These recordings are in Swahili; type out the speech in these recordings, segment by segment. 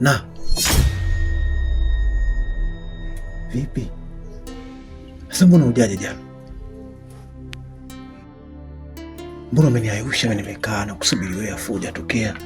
Na vipi sasa, mbona ujaje jana? Mbona umeniayusha? Nimekaa na kusubiri wewe afuja tokea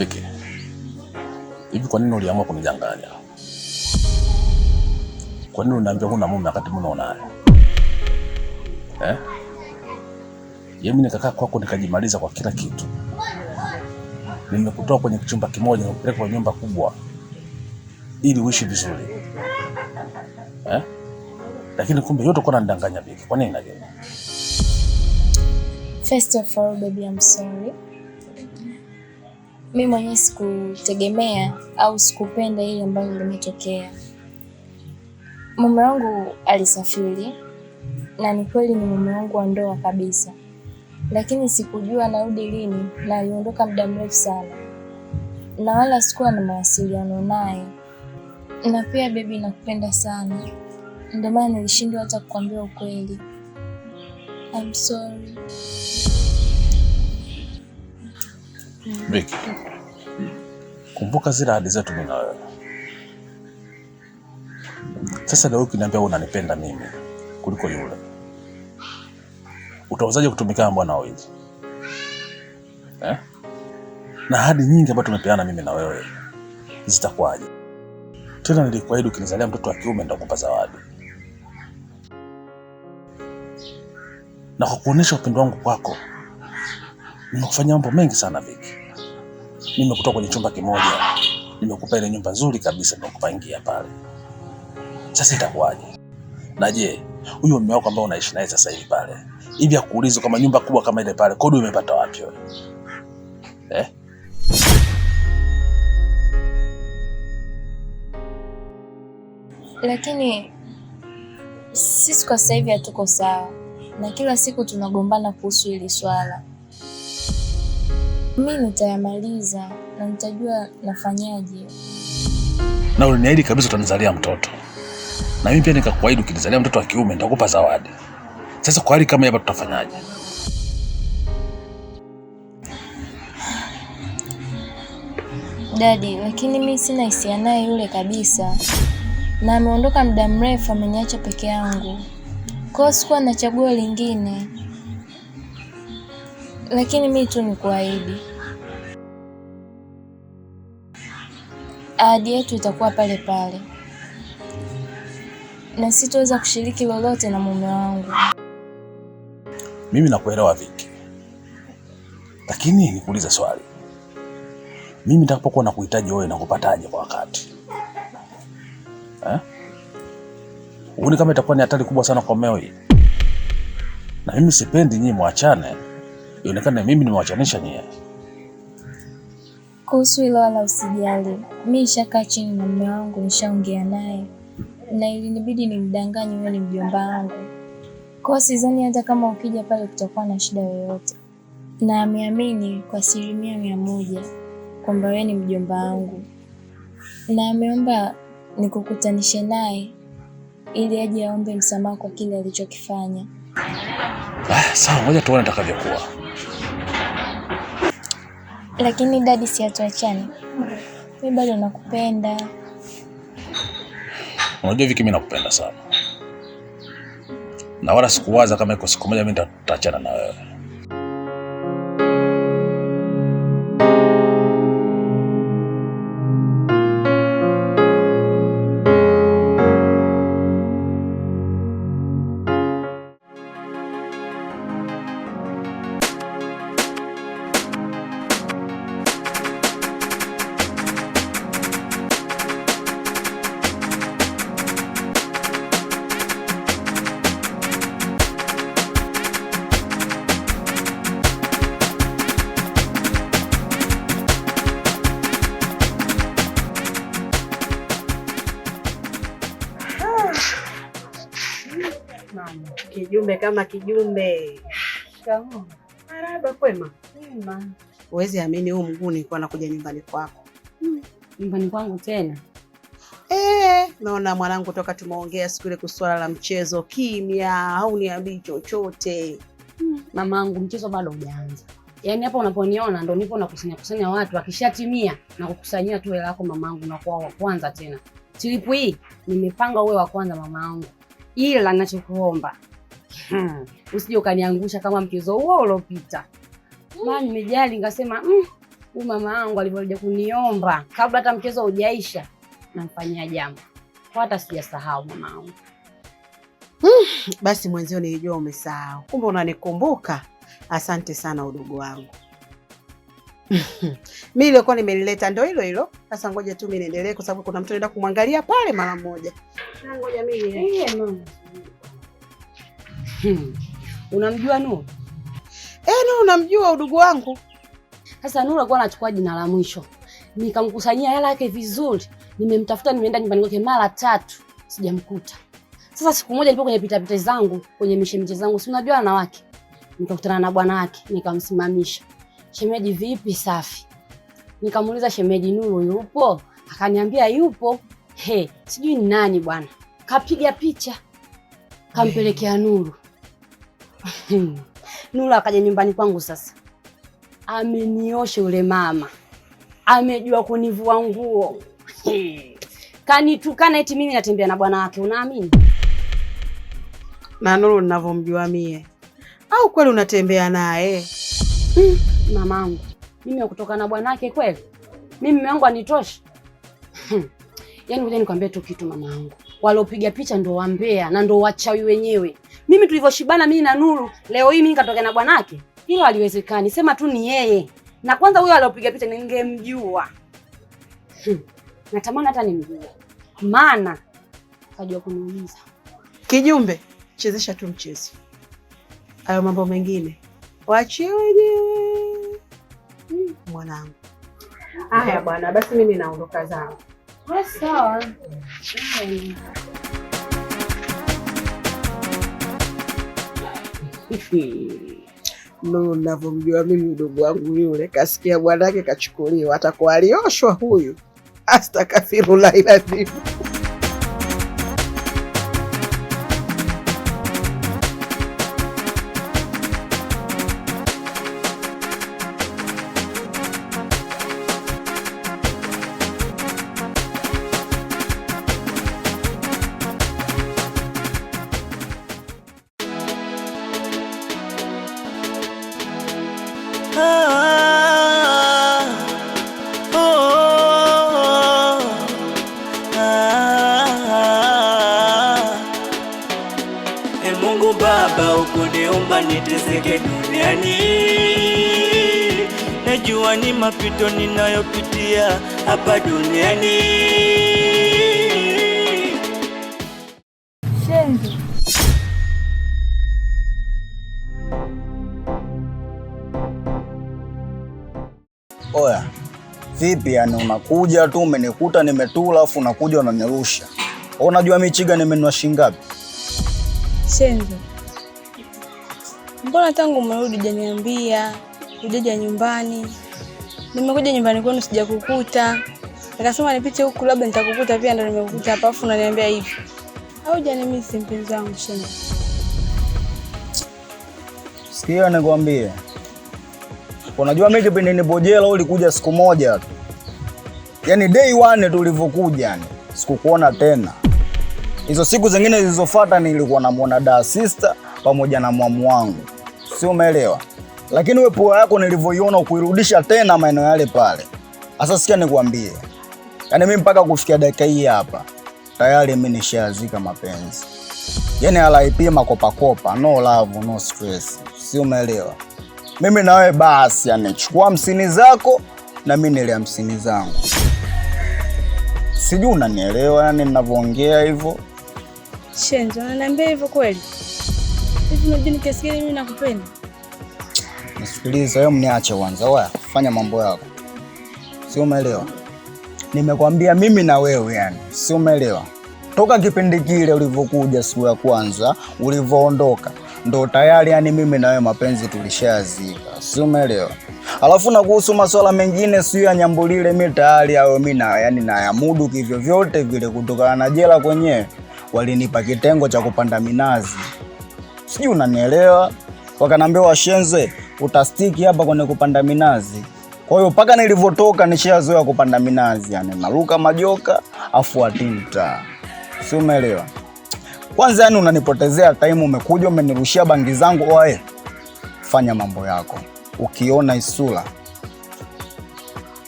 pekee. Hivi kwa nini uliamua kunijanganya? Kwa nini unaniambia huna mume wakati mbona unaye? Eh? Yaani mimi nikakaa kwako nikajimaliza kwa kila kitu. Nimekutoa kwenye chumba kimoja nikupeleka kwa nyumba kubwa ili uishi vizuri. Eh? Lakini kumbe yote uko unanidanganya Vicky. Kwa nini? First of all, baby, I'm sorry mi mwenyewe sikutegemea au sikupenda hili ambalo limetokea. Mume wangu alisafiri na ni kweli ni mume wangu wa ndoa kabisa, lakini sikujua narudi lini, na aliondoka muda mrefu sana, na wala sikuwa na mawasiliano naye. Na pia bebi, nakupenda sana, ndio maana nilishindwa hata kukwambia ukweli. I'm sorry. Miki, kumbuka zile ahadi zetu mimi na wewe. Sasa leo ukiniambia unanipenda mimi kuliko yule, utawezaje kutumika na bwana wewe? eh? na ahadi nyingi ambazo tumepeana mimi na wewe zitakuwaje tena? Nilikuahidi ukinizalia mtoto wa kiume nitakupa zawadi, na kwa kuonesha upendo wangu kwako nimekufanya mambo mengi sana Viki. Nimekutoa kwenye chumba kimoja, nimekupa ile nyumba nzuri kabisa, nimekupangia pale. Sasa itakuwaje? Na je, huyo mume wako ambao unaishi naye sasa hivi pale, hivi akuulize kama nyumba kubwa kama ile pale, kodi umepata wapi wewe? Eh? Lakini sisi kwa sasa hivi hatuko sawa na kila siku tunagombana kuhusu hili swala mi nitayamaliza na nitajua nafanyaje. Na uliniahidi kabisa utanizalia mtoto, na mimi pia nikakuahidi ukinizalia mtoto wa kiume nitakupa zawadi. Sasa kwa hali kama hapa tutafanyaje? Dadi, lakini mi sina hisia naye yule kabisa, na ameondoka muda mrefu, ameniacha peke yangu, kwa hiyo sikuwa na chaguo lingine lakini mi tu ni kuahidi, ahadi yetu itakuwa pale pale, na sitoweza kushiriki lolote na mume wangu. Mimi nakuelewa Viki, lakini nikuulize swali, mimi nitakapokuwa na kuhitaji wewe nakupataje kwa wakati eh? Uone kama itakuwa ni hatari kubwa sana kwa meo hii, na mimi sipendi nyinyi mwachane ionekane mimi nimewachanisha nyie. Kuhusu hilo wala usijali, mi ishakaa chini na mume wangu, nishaongea naye na ilinibidi nimdanganye wewe ni mjomba wangu, kwa sizani hata kama ukija pale kutakuwa na shida yoyote, na ameamini kwa asilimia mia moja kwamba wewe ni mjomba wangu, na ameomba nikukutanishe naye ili aje aombe msamaha kwa kile alichokifanya. Ah, sawa, ngoja tuone atakavyokuwa. Lakini dadi, si atuachane, mimi bado nakupenda. Unajua Viki, mimi nakupenda sana na wala sikuwaza kama iko siku moja mimi nitaachana na wewe. kijumbe kama kijumbe. Marahaba, kwema? Kwema. Huwezi amini huu mguu nilikuwa nakuja nyumbani kwako. Hmm. Nyumbani kwangu tena? Eh, naona mwanangu toka tumeongea siku ile kusuala la mchezo kimya, au chochote. Hmm. Mamangu, mchezo bado hujaanza. Yaani hapa unaponiona ndo nipo nakusanya kusanya watu, akishatimia na kukusanyia tu hela yako mamangu, na kuwa wa kwanza tena. Tilipu hii nimepanga uwe wa kwanza mamangu. Ila nachokuomba Hmm. Usije ukaniangusha kama mchezo huo uliopita. Maana nimejali ngasema, mm, huyu mama wangu alivyokuja kuniomba kabla hata mchezo haujaisha namfanyia jambo. hata sijasahau mama wangu Hmm. Basi mwenzio nilijua umesahau. Kumbe unanikumbuka. Asante sana udogo wangu. Mimi nilikuwa nimelileta ndio hilo hilo. Sasa ngoja tu mimi niendelee kwa sababu kuna mtu anaenda kumwangalia pale mara moja. Ngoja mimi. Hmm. Unamjua Nuru? Eh, ni unamjua udugu wangu. Sasa Nuru alikuwa anachukua jina la mwisho. Nikamkusanyia hela yake vizuri. Nimemtafuta, nimeenda nyumbani kwake mara tatu, sijamkuta. Sasa siku moja nilipo kwenye pita pita zangu, kwenye mishemishe zangu, si unajua wanawake. Nikakutana na bwana wake, nikamsimamisha. Shemeji vipi safi? Nikamuuliza shemeji Nuru yupo? Akaniambia yupo. He, sijui ni nani bwana. Kapiga picha. Kampelekea Nuru. Nura akaja nyumbani kwangu sasa, ameniosha ule mama, amejua kunivua nguo kanitukana eti mimi natembea na bwana wake. Unaamini na Nuru ninavyomjua mie? Au kweli unatembea naye? Hmm, mamangu mimi kutoka na bwana wake kweli? Mimi mume wangu anitosha. Hmm, yaani ngoja nikwambie tu kitu mamangu, waliopiga picha ndo wambea na ndo wachawi wenyewe mimi tulivyoshibana mimi na Nuru, leo hii mimi nikatokea na bwanake, hilo haliwezekani. Sema tu ni yeye, na kwanza huyo aliopiga picha ningemjua. Hmm. Natamani hata nimjue, maana kajua kuniuliza. Kijumbe, chezesha tu mchezo, hayo mambo mengine waachie wenyewe. Hmm. Mwanangu. aya bwana, basi mimi naondoka zangu. Sawa. Hmm. no, navyomjua mimi mdogo wangu yule kasikia bwanake kachukuliwa, atakuwa alioshwa huyu. Astakafirullah. Mungu Baba, ukuniumba niteseke duniani, najua ni mapito ninayopitia hapa duniani Shenzi. Vipi yani, unakuja tu umenikuta nimetula, afu unakuja unanirusha. Unajua michiga nimenua shilingi ngapi? Shenzo, mbona tangu umerudi hujaniambia, hujaja nyumbani? Nimekuja nyumbani kwenu sijakukuta, nikasema nipite huku labda nitakukuta pia, ndo nimekukuta hapa, afu unaniambia hivi. Au jani mpenzi wangu Shenzo. Sikia nikwambie Unajua mimi kipindi nipo jela ulikuja siku moja tu, yaani day one tulivyokuja, yani sikukuona tena. Hizo siku zingine zilizofuata nilikuwa namuona da sister pamoja na mwamu wangu, si umeelewa? Lakini wewe pua yako nilivyoiona ukuirudisha tena maeneo yale pale. Sasa sikia nikwambie, yaani mimi mpaka kufikia dakika hii hapa tayari mimi nishazika mapenzi, yaani alaipima kopa kopa, no love no stress, si umeelewa? mimi na wewe basi, anachukua msini hamsini zako na mimi nile hamsini zangu. Sijui unanielewa yani ninavyoongea hivyo. Shenzo, unaniambia hivyo kweli? Hivi unajua kiasi gani mimi nakupenda? Nisikilize wewe, mniache kwanza. Wewe fanya mambo yako, si umeelewa? Nimekwambia mimi na wewe yani, si umeelewa? Toka kipindi kile ulivyokuja siku ya kwanza, ulivyoondoka ndo tayari yani mimi na wewe mapenzi tulishazika, si umeelewa? Alafu na kuhusu masuala mengine sio ya nyambulile, mimi tayari au mimi na yani na yamudu kivyo vyote vile, kutokana na jela kwenyewe walinipa kitengo cha kupanda minazi, sijui unanielewa. Wakaniambia washenze, utastiki hapa kwenye kupanda minazi. Kwa hiyo mpaka nilivyotoka nishazoea kupanda minazi, yani naruka majoka afu atinta, si umeelewa? Kwanza yani unanipotezea time, umekuja umenirushia bangi zangu. Oe, fanya mambo yako, ukiona isula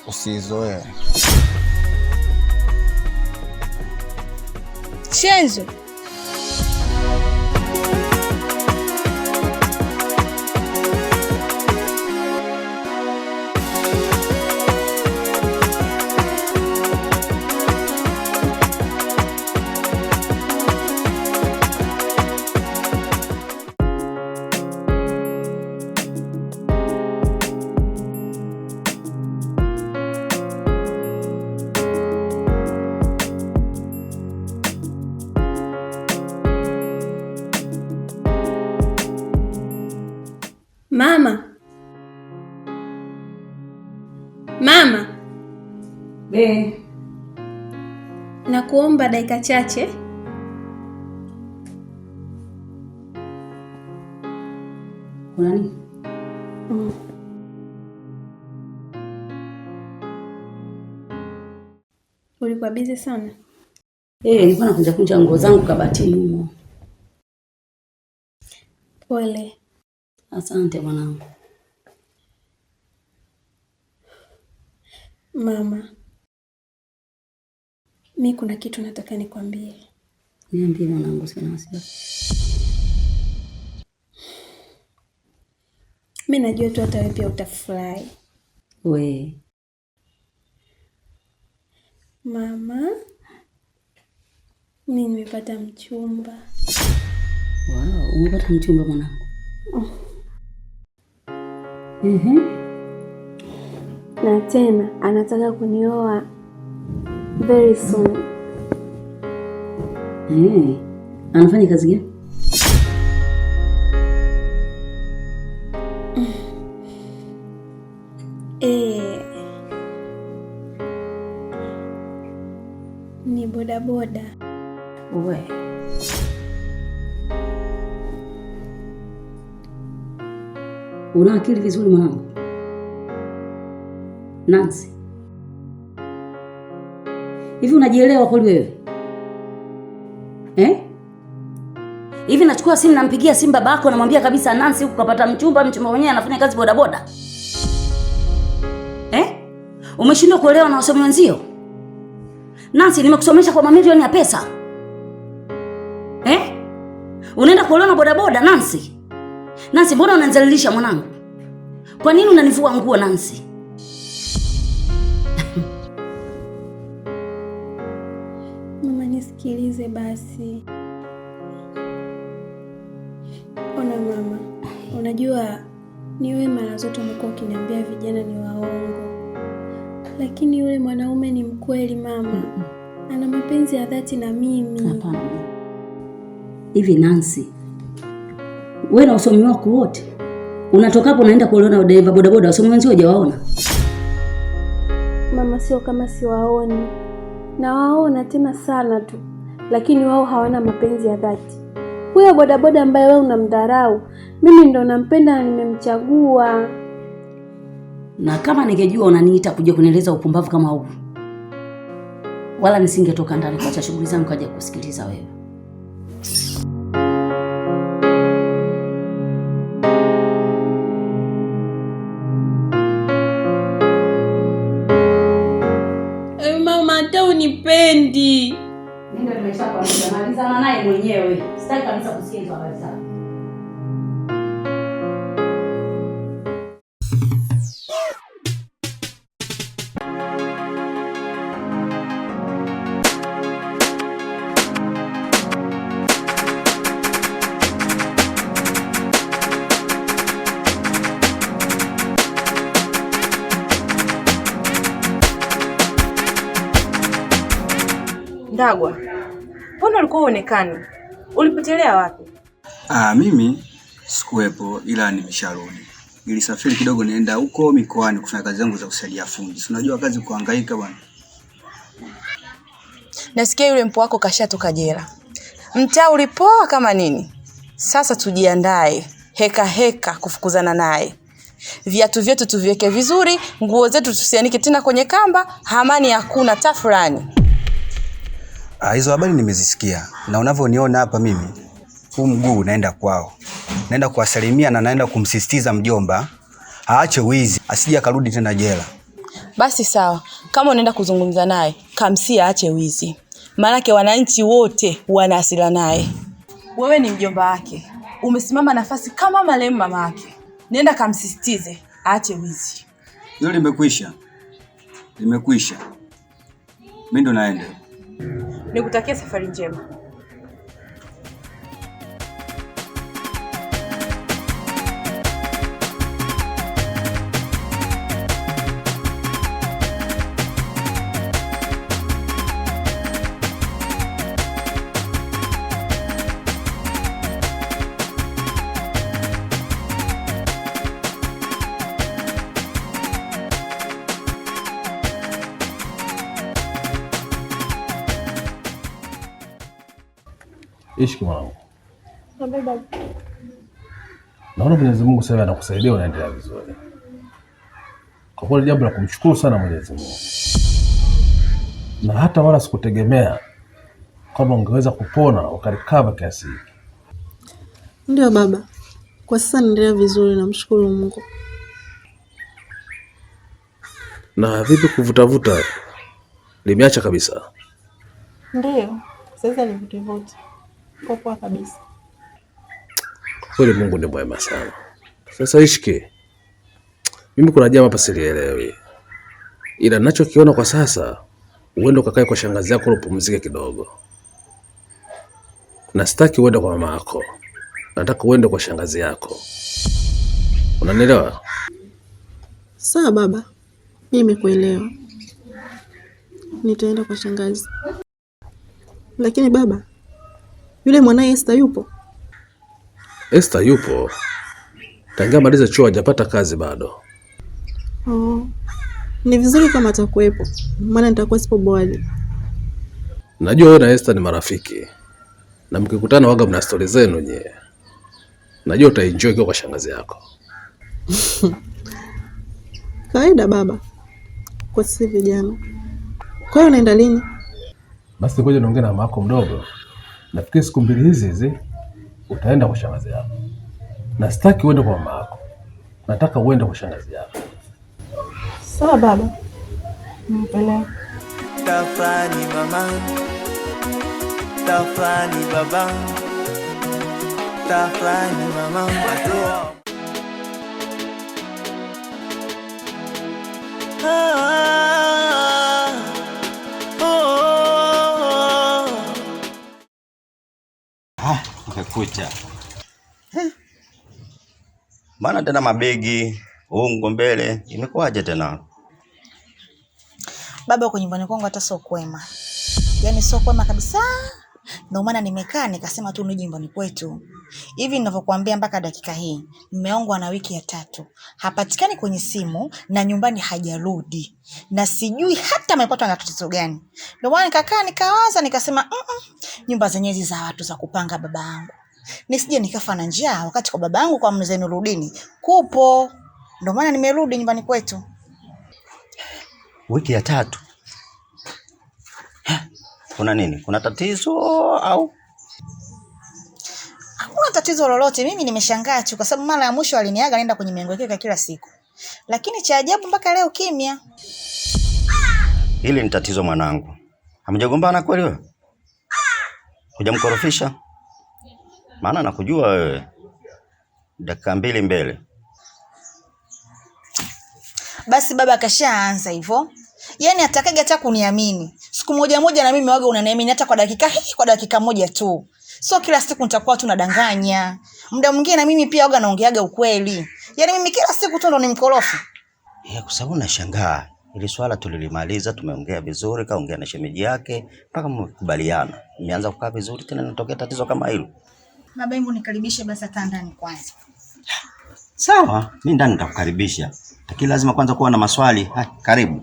usiizoee. Chenzo, dakika chache. Kuna nini? Mm. Ulikuwa bize sana? Eh, nilikuwa nakunja kunja nguo zangu kabati humo. Pole. Asante mwanangu. Mama Mi kuna kitu nataka nikwambie. Niambie mwanangu, sina wasiwasi. Mi najua tu hata wewe pia utafurahi. We mama, mi nimepata mchumba. Wow, umepata mchumba mwanangu? Oh. Mm -hmm. Na tena anataka kunioa very soon. Hey, anafanya kazi gani? Eh, ni bodaboda. We una akili vizuri mwanangu Nancy. Hivi unajielewa kweli wewe eh? Hivi nachukua simu nampigia simu babako namwambia kabisa Nancy huko kapata mchumba, mchumba mwenyewe anafanya kazi bodaboda eh? Umeshindwa kuelewa na wasomi wenzio? Nancy, nimekusomesha kwa mamilioni ya pesa eh? Unaenda kuolewa na bodaboda Nancy? Nancy, mbona unanizalilisha mwanangu? Kwa nini unanivua nguo Nancy? nisikilize basi. Ona mama, unajua ni wewe mara zote umekuwa ukiniambia vijana ni waongo, lakini yule mwanaume ni mkweli mama, ana mapenzi ya dhati na mimi. Hapana. Hivi Nancy, wewe na usomi wako wote unatoka hapo unaenda kuolewa na dereva bodaboda, wasomi wenzio hujawaona? Mama, sio kama siwaoni, nawaona tena sana tu lakini wao hawana mapenzi ya dhati. Huyo bodaboda ambaye wewe unamdharau, mimi ndo nampenda na nimemchagua. Na kama ningejua unaniita kuja kunieleza upumbavu kama huu, wala nisingetoka ndani kuacha shughuli zangu kaja kusikiliza wewe. 시간이 뭐냐요? 시간이 없으니 좋아요. d'água. Mbona ulikuwa uonekani? Ulipotelea wapi? Ah, mimi sikuwepo ila nimesharudi. Nilisafiri kidogo nienda huko mikoani kufanya kazi zangu za kusaidia fundi. Unajua kazi kuhangaika bwana. Nasikia yule mpo wako kashatoka jela. Mtaa ulipoa kama nini? Sasa tujiandae heka heka kufukuzana naye. Viatu vyetu tuviweke vizuri, nguo zetu tusianike tena kwenye kamba. hamani hakuna tafurani. Ah, hizo habari nimezisikia na unavyoniona hapa mimi huu mguu naenda kwao, naenda kuwasalimia na naenda kumsisitiza mjomba aache wizi, asije akarudi tena jela. Basi sawa, kama unaenda kuzungumza naye kamsi aache wizi, maanake wananchi wote wana hasira naye. Wewe ni mjomba wake, umesimama nafasi kama marehemu mama yake. Nenda kamsisitize aache wizi. Hilo limekwisha, limekwisha. Mimi ndo naenda. Nikutakia safari njema. Ishi mwanangu. Naona Mwenyezi Mungu sasa anakusaidia, unaendelea vizuri. Kwa kweli jambo la kumshukuru sana Mwenyezi Mungu, na hata wala sikutegemea kwamba ungeweza kupona ukarikava kiasi hiki. Ndio baba, kwa sasa naendelea vizuri, namshukuru Mungu. Na vipi kuvutavuta limeacha kabisa? Ndio sasa nivutivuta Poa poa kabisa. Kweli Mungu ni mwema sana. Sasa Ishki, mimi kuna jambo hapa silielewi, ila ninachokiona kwa sasa, uende ukakae kwa shangazi yako upumzike kidogo, na sitaki uende kwa mama yako, nataka uende kwa shangazi yako, unanielewa? Sawa baba, mimi kuelewa nitaenda kwa shangazi. Lakini baba, yule mwanaye Esther yupo? Esther yupo, tangia maliza chuo hajapata kazi bado. Oh, ni vizuri kama atakuwepo, maana nitakuwa sipo bwali. Najua wewe na Esther ni marafiki na mkikutana waga mna stori zenu nyie Najua utaenjoy ukiwa kwa shangazi yako. Kawaida baba, kwa sisi vijana. Kwa hiyo unaenda lini? Basi ngoja niongee na mamako mdogo Nafikiri siku mbili hizi hizi utaenda kwa shangazi yako, na sitaki uende kwa mama yako, nataka uende kwa shangazi yako. Sawa baba. Mpele. Tafani mama, tafani baba, tafani mama watu ah. kucha eh. Maana tena mabegi ungo mbele, imekuwaje tena? Baba, huko nyumbani kwangu hata sio kwema, yaani sio kwema kabisa. Ndio maana nimekaa nikasema tu nije nyumbani kwetu. Hivi ninavyokuambia mpaka dakika hii mume wangu ana wiki ya tatu hapatikani kwenye simu na nyumbani hajarudi, na sijui hata amepatwa na tatizo gani. Ndio maana nikakaa nikawaza nikasema, mm -mm, nyumba zenyewe za watu za kupanga, baba yangu nisije nikafa na njaa, wakati kwa babangu kwa mzee Nurudini kupo. Ndio maana nimerudi nyumbani kwetu. Wiki ya tatu ha? Kuna nini? Kuna tatizo au hakuna tatizo lolote? Mimi nimeshangaa tu, kwa sababu mara ya mwisho aliniaga naenda kwenye miengo yake kila siku, lakini cha ajabu mpaka leo kimya. Hili ni tatizo mwanangu. Hamjagombana kweli wewe? Hujamkorofisha? maana nakujua wewe dakika mbili mbele. Basi baba kashaanza hivyo, yaani atakaga hata kuniamini siku moja moja, na mimi waga unaniamini hata kwa dakika hii, kwa dakika moja tu, so kila siku nitakuwa tu nadanganya. Muda mwingine na mimi pia waga naongeaga ukweli, yaani mimi kila siku tu ndo ni mkorofi yeah, kwa sababu nashangaa ili swala tulilimaliza, tumeongea vizuri, kaongea na shemeji yake mpaka mmekubaliana, imeanza kukaa vizuri, tena natokea tatizo kama hilo. Baba yangu nikaribishe basi hata ndani kwanza. Sawa, mimi ndani nitakukaribisha. Lakini lazima kwanza kuwa na maswali. Ha, karibu.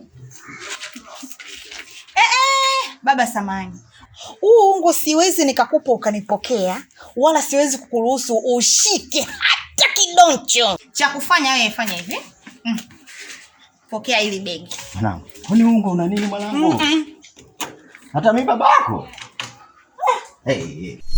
Eh, eh, baba samani. Huu ungo siwezi nikakupa ukanipokea wala siwezi kukuruhusu ushike hata kidoncho. Cha kufanya wewe fanya hivi. Mm. Pokea hili begi. Mwanangu, kwani ungo una nini mwanangu? Mm -mm. Hata mimi babako. Hey, ah. eh, hey. Eh.